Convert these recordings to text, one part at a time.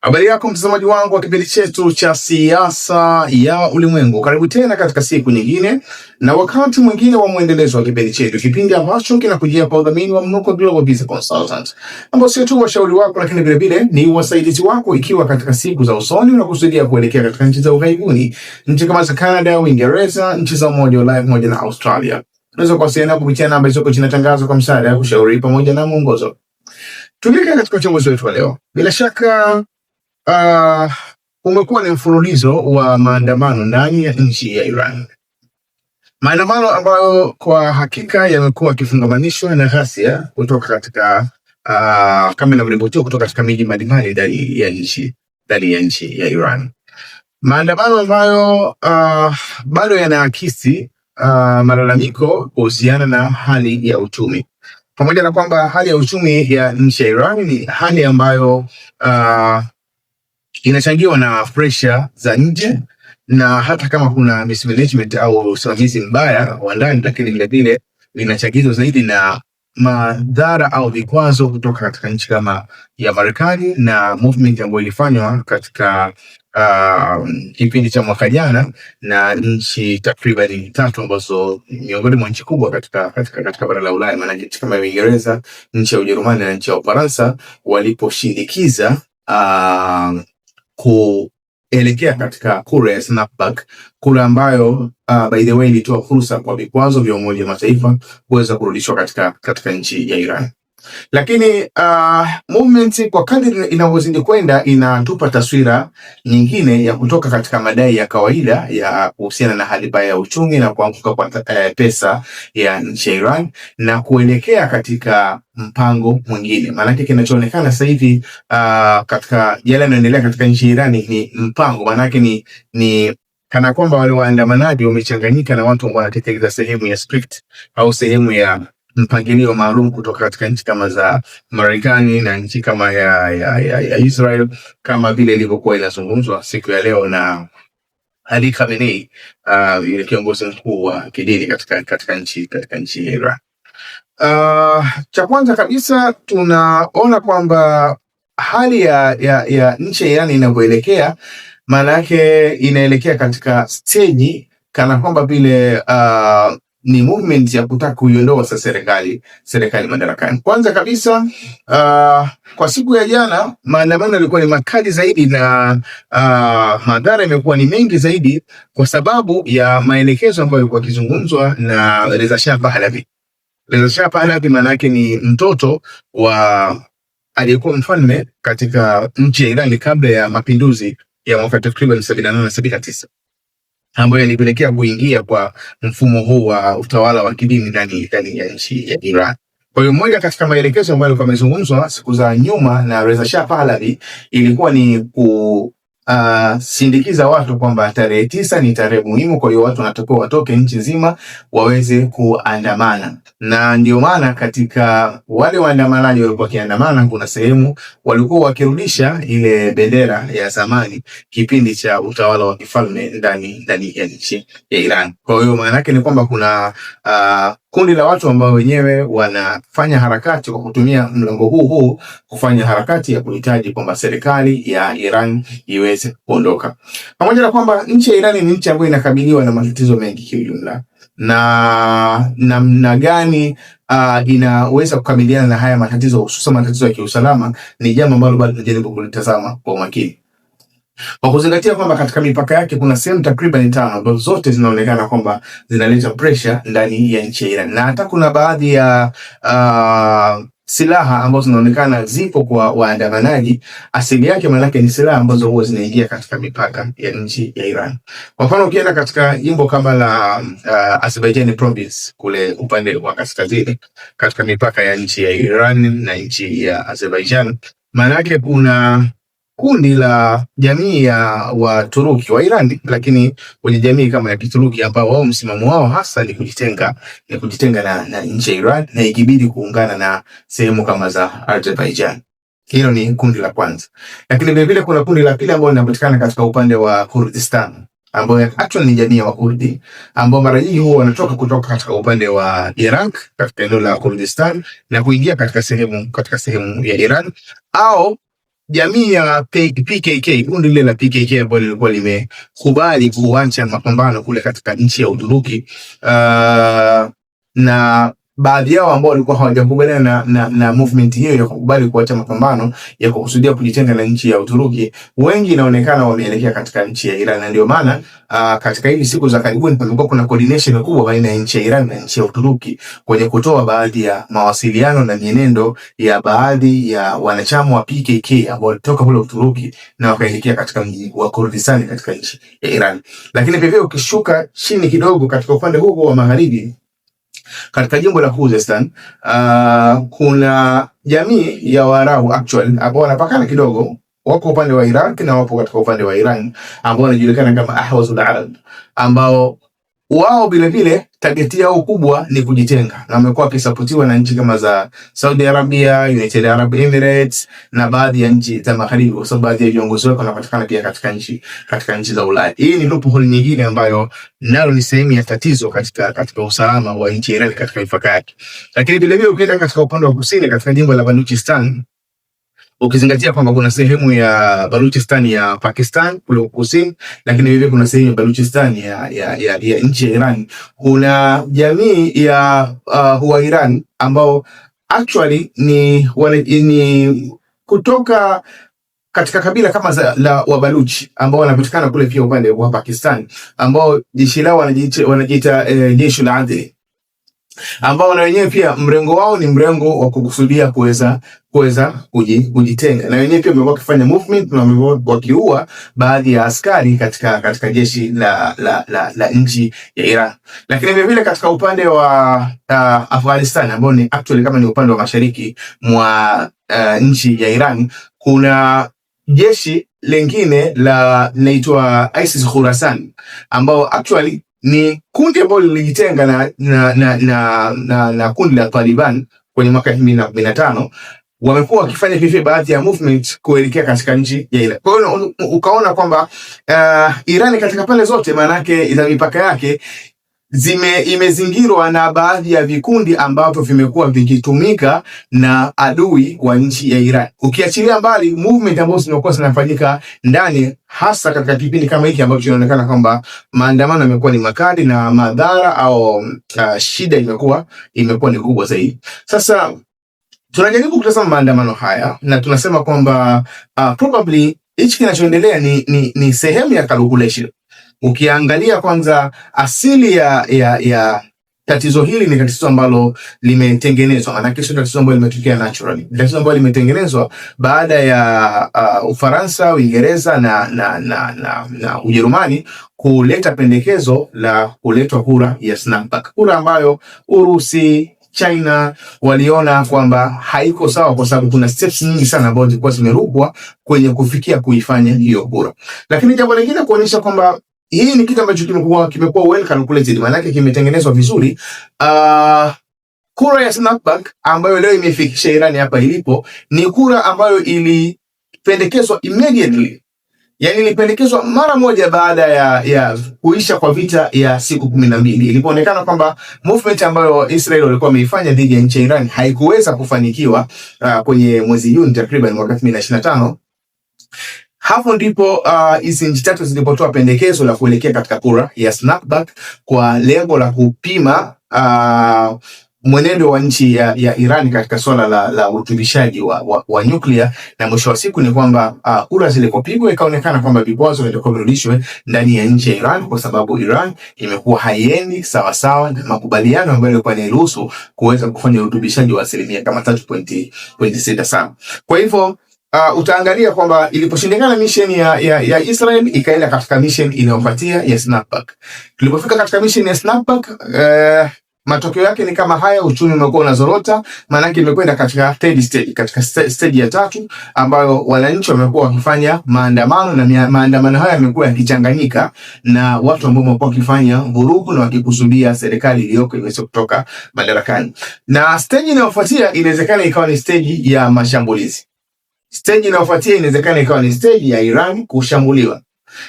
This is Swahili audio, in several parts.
Habari yako mtazamaji wangu wa kipindi chetu cha siasa ya ulimwengu, karibu tena katika siku nyingine na wakati mwingine wa mwendelezo wa kipindi chetu, kipindi ambacho kinakujia kwa udhamini wa Mnuko Global Business Consultant, ambao sio tu washauri wako, lakini vilevile ni wasaidizi wako, ikiwa katika siku za usoni unakusudia kuelekea katika nchi za ughaibuni, nchi kama za Canada, Uingereza, nchi za Umoja wa Ulaya pamoja na Australia. Unaweza kuwasiliana kupitia namba zilizoko chini ya tangazo kwa msaada, ushauri pamoja na mwongozo. Tuelekea katika uchambuzi wetu wa leo, bila shaka Uh, umekuwa ni mfululizo wa maandamano ndani ya nchi ya Iran, maandamano ambayo kwa hakika yamekuwa yakifungamanishwa na ghasia kutoka katika uh, kama inavyoripotiwa kutoka katika miji mbalimbali ndani ya nchi ndani ya nchi ya Iran, maandamano ambayo uh, bado yanaakisi uh, malalamiko kuhusiana na hali ya uchumi pamoja na kwamba hali ya uchumi ya nchi ya Iran ni hali ambayo uh, inachangiwa na presha za nje na hata kama kuna mismanagement au usimamizi mbaya wa ndani, lakini vilevile linachangizwa zaidi na madhara au vikwazo kutoka katika nchi kama ya Marekani na movement ambayo ilifanywa katika uh, kipindi cha mwaka jana na nchi takriban tatu ambazo miongoni mwa nchi kubwa katika, katika, katika bara la Ulaya, maana nchi kama Uingereza, nchi ya Ujerumani na nchi ya Ufaransa waliposhinikiza uh, kuelekea katika kura ya snapback, kura ambayo uh, by the way ilitoa fursa kwa vikwazo vya Umoja wa Mataifa kuweza kurudishwa katika, katika nchi ya Iran. Lakini uh, movement kwa kadri inavyozidi kwenda inatupa taswira nyingine ya kutoka katika madai ya kawaida ya kuhusiana na hali mbaya ya uchumi na kuanguka kwa uh, pesa ya nchi ya Iran na kuelekea katika mpango mwingine. Maanake kinachoonekana sasa hivi uh, katika yale yanayoendelea katika nchi ya Iran ni mpango, maanake ni, ni kana kwamba wale waandamanaji wamechanganyika na watu ambao wanatekeleza sehemu ya script au sehemu ya mpangilio maalum kutoka katika nchi kama za Marekani na nchi kama ya, ya, ya, ya Israel kama vile ilivyokuwa inazungumzwa siku ya leo na Ali Khamenei uh, yule kiongozi mkuu wa kidini katika, katika nchi katika nchi ya Iran. Uh, cha kwanza kabisa tunaona kwamba hali ya, ya, ya nchi ya Iran inavyoelekea, maana yake inaelekea katika steji kana kwamba vile uh, ni movement ya kutaka kuiondoa sasa serikali serikali madarakani. Kwanza kabisa uh, kwa siku ya jana maandamano yalikuwa ni makali zaidi na uh, madhara yamekuwa ni mengi zaidi kwa sababu ya maelekezo ambayo yalikuwa kizungumzwa na Reza Shah Pahlavi. Reza Shah Pahlavi maana yake ni mtoto wa aliyekuwa mfalme katika nchi ya Irani kabla ya mapinduzi ya mwaka takriban na ambayo yalipelekea kuingia kwa mfumo huu wa utawala wa kidini ndani ya nchi ya Iran. Kwa hiyo moja katika maelekezo ambayo yamezungumzwa siku za nyuma na Reza Shah Pahlavi ilikuwa ni ku Uh, sindikiza watu kwamba tarehe tisa ni tarehe muhimu, kwa hiyo watu wanatakiwa watoke nchi nzima waweze kuandamana, na ndio maana katika wale waandamanaji walikuwa wakiandamana, kuna sehemu walikuwa wakirudisha ile bendera ya zamani kipindi cha utawala wa kifalme ndani ndani ya nchi ya Iran. Kwa hiyo maana yake ni kwamba kuna uh, kundi la watu ambao wenyewe wanafanya harakati kwa kutumia mlango huu huu kufanya harakati ya kuhitaji kwamba serikali ya Iran iweze kuondoka, pamoja na kwamba nchi ya Iran ni nchi ambayo inakabiliwa na matatizo mengi kiujumla, na namna gani uh, inaweza kukabiliana na haya matatizo, hususan matatizo ya kiusalama, ni jambo ambalo bado tunajaribu kulitazama kwa umakini. Kwa kuzingatia kwamba katika mipaka yake kuna sehemu takriban tano ambazo zote zinaonekana kwamba zinaleta pressure ndani ya nchi ya Iran, na hata kuna baadhi ya uh, silaha ambazo zinaonekana zipo kwa waandamanaji, asili yake maanake ni silaha ambazo huwa zinaingia katika mipaka ya nchi ya Iran. Kwa mfano, ukienda katika jimbo kama la uh, Azerbaijan province kule upande wa kaskazini katika mipaka ya nchi ya Iran na nchi ya Azerbaijan, maanake kuna kundi la jamii ya Waturuki wa Irani, lakini kwenye jamii kama ya Kituruki ambao wao msimamo wao hasa ni kujitenga ni kujitenga na, na nchi ya Iran na ikibidi kuungana na sehemu kama za Azerbaijan. Hilo ni kundi la kwanza, lakini vile vile kuna kundi la pili ambao linapatikana katika upande wa Kurdistan ambao actually ni jamii ya Wakurdi ambao mara nyingi huwa wanatoka kutoka katika upande wa Iraq katika eneo la Kurdistan na kuingia katika sehemu katika sehemu ya Iran au jamii ya PKK, kundi lile la PKK ambalo lilikuwa limekubali kuanza mapambano kule katika nchi ya Uturuki uh, na baadhi yao ambao walikuwa hawajakubaliana na, na, na movement hiyo ya kukubali kuacha mapambano ya kukusudia kujitenga na nchi ya Uturuki, wengi inaonekana wameelekea katika nchi ya Iran, na ndio maana uh, katika hivi siku za karibuni kumekuwa kuna coordination kubwa baina ya nchi ya Iran na nchi ya Uturuki kwenye kutoa baadhi ya mawasiliano na mienendo ya baadhi ya wanachama wa PKK ambao walitoka kule Uturuki na wakaelekea katika mji wa Kurdistan katika nchi ya Iran. Lakini pia ukishuka chini kidogo katika upande huo wa magharibi katika jimbo la Khuzestan. Uh, kuna jamii ya Waarabu actual ambao wanapakana kidogo, wako upande wa Iraq na wapo katika upande wa Iran ambao wanajulikana kama Ahwazul Arab ambao wao vile vile target yao kubwa ni kujitenga, na wamekuwa wakisapotiwa na nchi kama za Saudi Arabia, United Arab Emirates na baadhi ya nchi za magharibi, kwa sababu baadhi ya viongozi wao wanapatikana pia katika nchi katika nchi za Ulaya. Hii ni loophole nyingine ambayo nalo ni sehemu ya tatizo katika katika usalama wa nchi ya Iran katika mipaka yake. Lakini vile vile ukienda katika upande wa kusini katika jimbo la Baluchistan ukizingatia kwamba kuna sehemu ya Baluchistan ya Pakistan kule kusini, lakini vivyo kuna sehemu ya Baluchistan ya, ya, ya, ya nchi ya Iran. Kuna jamii ya uh, wa Iran ambao actually ni, wale, ni kutoka katika kabila kama za, la Wabaluchi ambao wanapatikana kule pia upande wa Pakistan ambao jeshi lao wanajiita eh, jeshi la adili ambao na wenyewe pia mrengo wao ni mrengo wa kukusudia kuweza kuweza kujitenga na wenyewe pia wamekuwa wakifanya movement na wamekuwa wakiua baadhi ya askari katika, katika jeshi la, la, la, la nchi ya Iran. Lakini vilevile katika upande wa uh, Afghanistan ambao ni actually kama ni upande wa mashariki mwa uh, nchi ya Iran kuna jeshi lingine la linaitwa ISIS Khurasan ambao actually ni kundi ambalo lilijitenga na, na, na, na, na, na kundi la Taliban kwenye mwaka elfu mbili na kumi na tano wamekuwa wakifanya vivyo baadhi ya movement kuelekea katika nchi ya Iran. Kwa hiyo ukaona kwamba uh, Iran katika pande zote maanake ina mipaka yake zime imezingirwa na baadhi ya vikundi ambavyo vimekuwa vikitumika na adui wa nchi ya Iran, ukiachilia mbali movement ambazo zimekuwa zinafanyika ndani, hasa katika kipindi kama hiki ambacho inaonekana kwamba maandamano yamekuwa ni makali na madhara au uh, shida imekuwa imekuwa ni kubwa zaidi. Sasa tunajaribu kutazama maandamano haya na tunasema kwamba uh, probably hichi kinachoendelea ni, ni, ni sehemu ya calculation Ukiangalia kwanza asili ya, ya, ya tatizo hili ni tatizo ambalo limetengenezwa, maanake sio tatizo ambalo limetokea naturally. Ni tatizo ambalo limetengenezwa baada ya uh, Ufaransa, Uingereza na, na, na, na, na Ujerumani kuleta pendekezo la kuletwa kura ya snapback, kura ambayo Urusi China waliona kwamba haiko sawa kwa sababu kuna steps nyingi sana ambazo zilikuwa zimerukwa kwenye kufikia kuifanya hiyo kura. Lakini jambo lingine kuonyesha kwamba hii ni kitu ambacho kimekuwa kimekuwa well calculated, maana yake kimetengenezwa vizuri. Uh, kura ya snapback ambayo leo imefikisha Iran hapa ilipo ni kura ambayo ilipendekezwa immediately, yani ilipendekezwa mara moja baada ya, ya kuisha kwa vita ya siku kumi na mbili. Ilipoonekana kwamba movement ambayo Israel walikuwa wameifanya dhidi ya nchi ya Iran haikuweza kufanikiwa uh, kwenye mwezi Juni takriban mwaka 2025 hapo ndipo uh, hizi uh, nchi tatu zilipotoa pendekezo la kuelekea katika kura ya snapback kwa lengo la kupima uh, mwenendo wa nchi ya, ya Iran katika swala la, la urutubishaji wa, wa, wa nyuklia na mwisho wa siku ni kwamba uh, kura zilipopigwa ikaonekana kwamba vikwazo vilitakiwa virudishwe ndani ya nchi ya Iran kwa sababu Iran imekuwa haiendi sawasawa na makubaliano ambayo yalikuwa yanaruhusu kuweza kufanya urutubishaji wa asilimia kama 3.67. Kwa hivyo uh, utaangalia kwamba iliposhindikana mission ya, ya, ya Israel ikaenda katika mission inayofuatia ya snapback. Tulipofika katika mission ya snapback uh, matokeo yake ni kama haya, uchumi umekuwa unazorota, yake imekwenda katika third stage, katika stage ya tatu ambayo wananchi wamekuwa wakifanya maandamano na maandamano haya yamekuwa yakichanganyika na watu ambao wamekuwa wakifanya vurugu na wakikusudia serikali iliyoko iweze kutoka madarakani, na stage inayofuatia inawezekana ikawa ni stage ya mashambulizi. Steji inayofuatia inawezekana ikawa ni steji ya Iran kushambuliwa,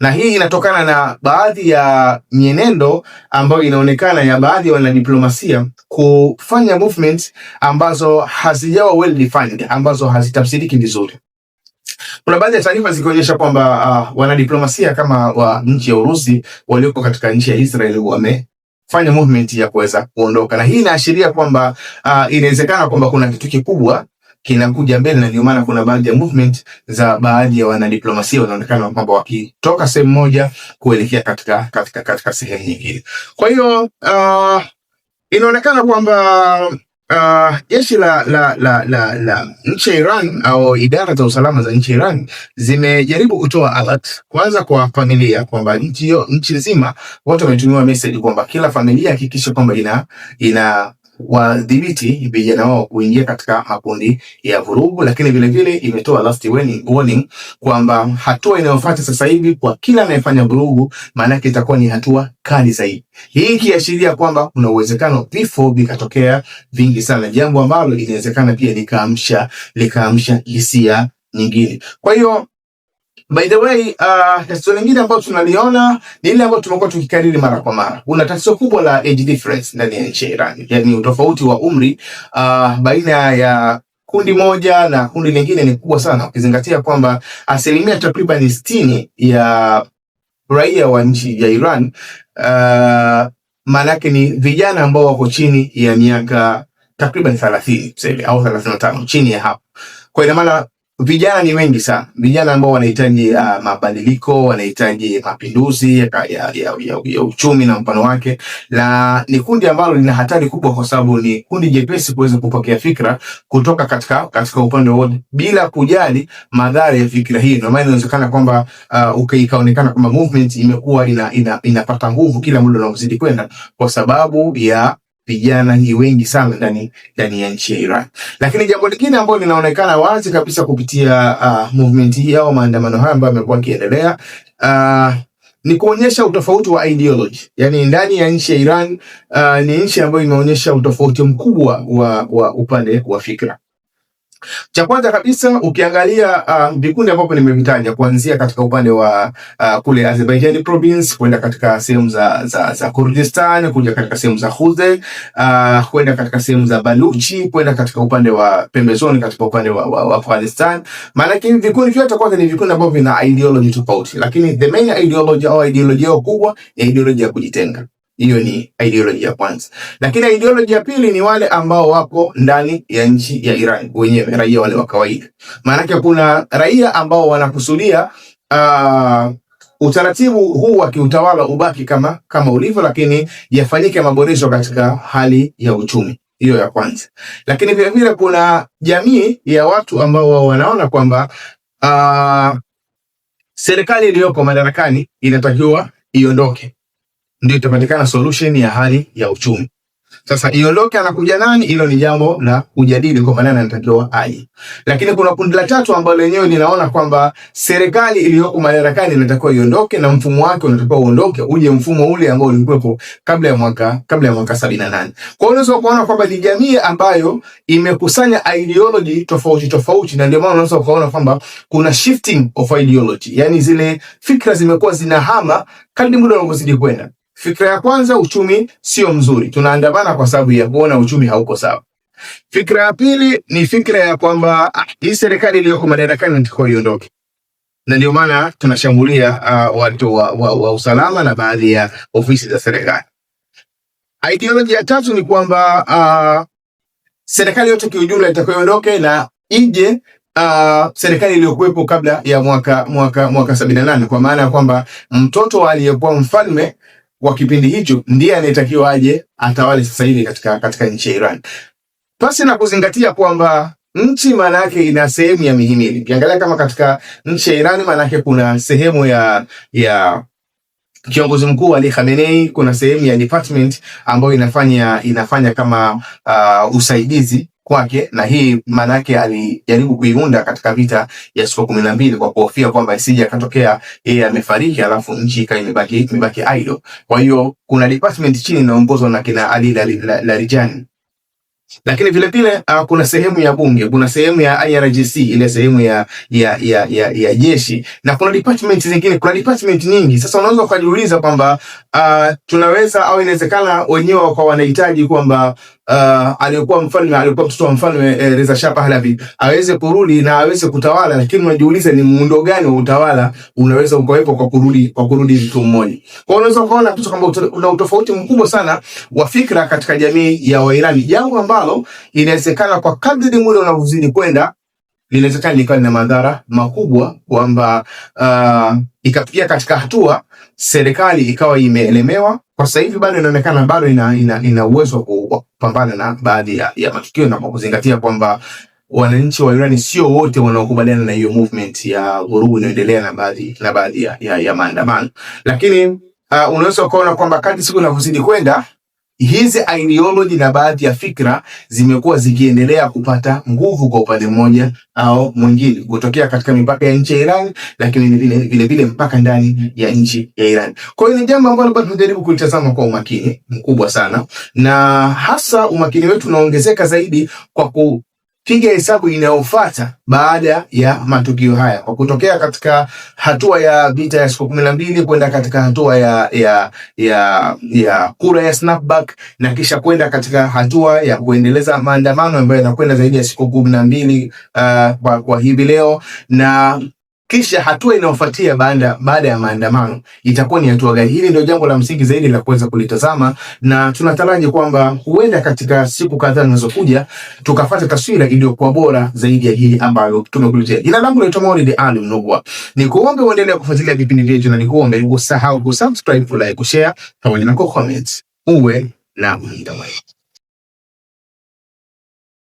na hii inatokana na baadhi ya mienendo ambayo inaonekana ya baadhi ya wanadiplomasia kufanya movement ambazo hazijawa well defined, ambazo hazitafsiriki vizuri. Kuna baadhi ya taarifa zikionyesha kwamba uh, wanadiplomasia kama wa nchi ya Urusi walioko katika nchi ya Israel wame fanya movement ya kuweza kuondoka, na hii inaashiria kwamba uh, inawezekana kwamba kuna kitu kikubwa kinakuja mbele, na ndio maana kuna baadhi ya movement za baadhi ya wanadiplomasia wanaonekana kwamba wakitoka sehemu moja kuelekea katika, katika, katika sehemu nyingine. Kwa hiyo uh, inaonekana kwamba uh, jeshi la, la, la, la, la nchi ya Iran au idara za usalama za nchi ya Iran zimejaribu kutoa alert kwanza kwa familia kwamba nchi hiyo nchi nzima watu wametumiwa message kwamba kila familia hakikisha kwamba ina ina wadhibiti vijana wao kuingia katika makundi ya vurugu, lakini vilevile imetoa last warning kwamba hatua inayofuata sasa hivi kwa kila anayefanya vurugu, maanake itakuwa ni hatua kali zaidi, hii ikiashiria kwamba kuna uwezekano vifo vikatokea vingi sana, jambo ambalo inawezekana pia likaamsha likaamsha hisia nyingine. Kwa hiyo By the way, uh, tatizo lingine ambayo tunaliona ni ile ambayo tumekuwa tukikariri mara kwa mara. Kuna tatizo kubwa la age difference ndani ya nchi ya Iran, yaani utofauti wa umri uh, baina ya kundi moja na kundi lingine ni kubwa sana, ukizingatia kwamba asilimia takriban sitini ya raia wa nchi ya Iran uh, maanake ni vijana ambao wako chini ya miaka takriban thelathini au thelathini na tano chini ya hapo, kwa ina maana vijana ni wengi sana, vijana ambao wanahitaji uh, mabadiliko, wanahitaji mapinduzi ya, ya, ya, ya uchumi na mpano wake, na ni kundi ambalo lina hatari kubwa, kwa sababu ni kundi jepesi kuweza kupokea fikra kutoka katika, katika upande wote bila kujali madhara ya fikra hii. Ndio maana inawezekana kwamba uh, ikaonekana kwamba movement imekuwa ina, ina, inapata nguvu kila muda unaozidi kwenda kwa sababu ya vijana ni wengi sana ndani ndani ya nchi ya Iran. Lakini jambo lingine ambalo linaonekana wazi kabisa kupitia uh, movement hii au maandamano haya ambayo yamekuwa yakiendelea uh, ni kuonyesha utofauti wa ideology. Yaani ndani ya nchi ya Iran uh, ni nchi ambayo imeonyesha utofauti mkubwa wa, wa upande wa fikra. Cha kwanza kabisa ukiangalia uh, vikundi uh, ambavyo nimevitaja kuanzia katika upande wa uh, kule Azerbaijan province kwenda katika sehemu za, za, za Kurdistan kuja katika sehemu za Khuzestan uh, kwenda katika sehemu za Baluchi kwenda katika upande wa pembezoni katika upande wa, wa, wa Afghanistan. Maana hivi vikundi vyote kwanza ni vikundi ambavyo vina ideology tofauti, lakini the main ideology au ideology yao kubwa ni ideology ya kujitenga. Hiyo ni ideology ya kwanza, lakini ideology ya pili ni wale ambao wako ndani ya nchi ya Iran wenyewe, raia wale wa kawaida. Maanake kuna raia ambao wanakusudia uh, utaratibu huu wa kiutawala ubaki kama kama ulivyo, lakini yafanyike maboresho katika hali ya uchumi. Hiyo ya kwanza, lakini vilevile kuna jamii ya watu ambao wao wanaona kwamba uh, serikali iliyoko madarakani inatakiwa iondoke ndio itapatikana solution ya hali ya uchumi. Sasa iondoke anakuja nani, hilo ni jambo la kujadili, kwa maana anatakiwa aje. Lakini kuna kundi la tatu ambalo lenyewe ninaona kwamba serikali iliyoko madarakani inatakiwa iondoke na mfumo wake unatakiwa uondoke, uje mfumo ule ambao ulikuwepo kabla ya mwaka kabla ya mwaka 78. Kwa hiyo unaweza kuona kwamba ni jamii ambayo imekusanya ideology tofauti tofauti, na ndio maana unaweza kuona kwamba kuna shifting of ideology, Yaani zile fikra zimekuwa zinahama kadri muda unavyozidi kwenda. Fikra ya kwanza, uchumi sio mzuri, tunaandamana kwa sababu ya kuona uchumi hauko sawa. Fikra ya pili ni fikra ya kwamba ah, hii serikali iliyoko madarakani ndio iondoke, na ndio maana tunashambulia uh, watu wa, wa, wa usalama na baadhi ya ofisi za serikali. Ideology ya tatu ni kwamba uh, serikali yote kiujumla itakayoondoke na ije Uh, serikali iliyokuwepo kabla ya mwaka mwaka mwaka sabini na nane kwa maana ya kwamba mtoto aliyekuwa mfalme wa kipindi hicho ndiye anayetakiwa aje atawale sasa hivi katika, katika nchi ya Iran, pasi na kuzingatia kwamba nchi maana yake ina sehemu ya mihimili. Ukiangalia kama katika nchi ya Iran maana yake kuna sehemu ya ya kiongozi mkuu Ali Khamenei, kuna sehemu ya department ambayo inafanya inafanya kama uh, usaidizi kwake, na hii maana yake alijaribu kuiunda katika vita ya siku kumi na mbili kwa kuhofia kwamba isije akatokea yeye amefariki alafu nchi ikawa imebaki imebaki idle. Kwa hiyo kuna department chini inaongozwa na kina Ali Larijani, lakini vile vile uh, kuna sehemu ya bunge, kuna sehemu ya IRGC ile sehemu ya ya, ya, ya, ya jeshi na kuna department zingine, kuna department nyingi. Sasa unaweza ukajiuliza kwamba uh, tunaweza au inawezekana wenyewe kwa wanahitaji kwamba uh, aliyokuwa mfalme alikuwa mtoto wa mfalme eh, Reza Shah Pahlavi aweze kurudi na aweze kutawala, lakini unajiuliza ni muundo gani wa utawala unaweza ukawepo kwa kurudi kwa kurudi mtu mmoja. Kwa hiyo unaweza kuona kitu kama una utofauti mkubwa sana wa fikra katika jamii ya Wairani, jambo ambalo inawezekana kwa kadri muda unavyozidi kwenda linawezekana likawa lina madhara makubwa, kwamba uh, ikafikia katika hatua serikali ikawa imeelemewa. Kwa sasa hivi bado inaonekana bado ina, ina, ina uwezo wa kupambana na baadhi ya, ya matukio na kwa kuzingatia kwamba wananchi wa Iran sio wote wanaokubaliana na hiyo movement ya vurugu inayoendelea na baadhi na baadhi ya, ya, ya maandamano, lakini uh, unaweza ukaona kwamba kadri siku inavyozidi kwenda hizi ideology na baadhi ya fikra zimekuwa zikiendelea kupata nguvu kwa upande mmoja au mwingine, kutokea katika mipaka ya nchi ya Iran, lakini vile vile mpaka ndani ya nchi ya Iran. Kwa hiyo ni jambo ambalo bado tunajaribu kulitazama kwa umakini mkubwa sana, na hasa umakini wetu unaongezeka zaidi kwa ku piga hesabu inayofuata baada ya matukio haya kwa kutokea katika hatua ya vita ya siku kumi na mbili kwenda katika hatua ya, ya, ya, ya kura ya snapback na kisha kwenda katika hatua ya kuendeleza maandamano ambayo yanakwenda zaidi ya siku kumi na mbili uh, kwa, kwa hivi leo na kisha hatua inayofuatia baada baada ya maandamano itakuwa ni hatua gani? Hili ndio jambo la msingi zaidi la kuweza kulitazama, na tunataraji kwamba huenda katika siku kadhaa zinazokuja tukafata taswira iliyokuwa bora zaidi ya hii ambayo tumekuletea. Jina langu naitwa Maulid Ali Mnugwa, kuombe uendelee kufuatilia vipindi vyetu na nikuombe usahau kusubscribe, like, kushare pamoja na kucomment. Uwe na muda mwema.